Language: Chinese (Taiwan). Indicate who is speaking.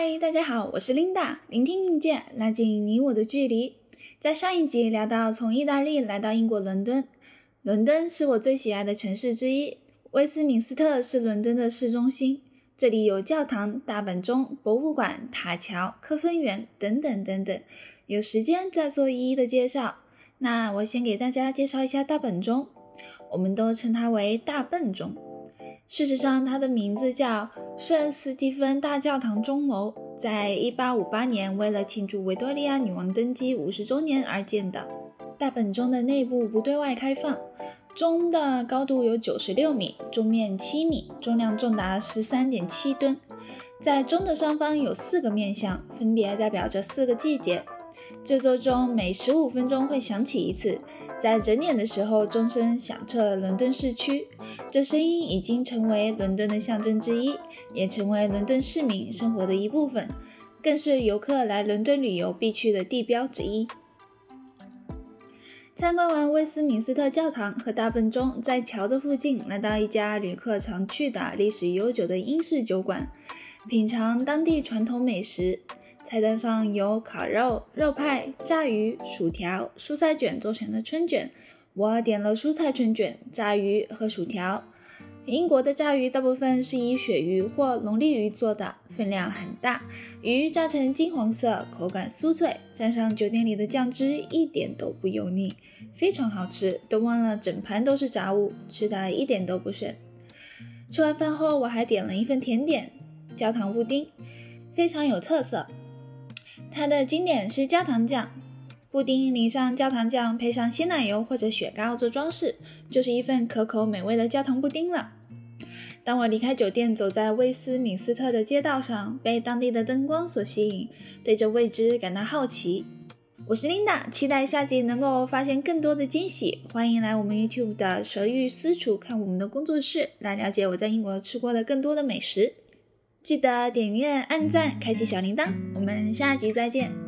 Speaker 1: 嗨，大家好，我是 Linda。聆聽意見，拉近你我的距離。在上一集聊到從意大利來到英國倫敦，倫敦是我最喜愛的城市之一。威斯敏斯特是倫敦的市中心，這裡有教堂、大本鐘、博物館、塔橋、科芬園等等等等。有時間再做一一的介紹。那我先給大家介紹一下大本鐘，我們都稱它為大笨鐘。事實上，它的名字叫聖斯蒂芬大教堂鐘樓，在一八五八年為了慶祝維多利亞女王登基五十周年而建的。大本鐘的內部不對外開放，鐘的高度有九十六米，鐘面七米，重量重達十三點七噸。在鐘的上方有四個面向，分別代表着四個季節。這座鐘每十五分鐘會響起一次，在整點的時候鐘聲響徹倫敦市區。這聲音已經成為倫敦的象徵之一，也成為倫敦市民生活的一部分，更是遊客來倫敦旅遊必去的地標之一。參觀完威斯敏斯特教堂和大笨鐘，在橋的附近來到一家旅客常去的歷史悠久的英式酒館，品嘗當地傳統美食。菜單上有烤肉、肉派、炸魚、薯條、蔬菜捲做成的春卷。我點了蔬菜春卷、炸魚和薯條。英國的炸魚大部分是以鱈魚或龍利魚做的，分量很大，魚炸成金黃色，口感酥脆，蘸上酒店裡的醬汁，一點都不油膩，非常好吃。都忘了整盤都是炸物，吃的一點都不剩。吃完飯後，我還點了一份甜點——焦糖布丁，非常有特色。它的經典是焦糖醬，布丁淋上焦糖醬，配上鮮奶油或者雪糕做裝飾，就是一份可口美味的焦糖布丁了。當我離開酒店，走在威斯敏斯特的街道上，被當地的燈光所吸引，對這未知感到好奇。我是 Linda，期待下集能夠發現更多的驚喜。歡迎來我們 YouTube 的蛇域私廚看我們的工作室，來了解我在英國吃過的更多的美食。記得點閱、按讚、開啟小鈴鐺。我們下集再見。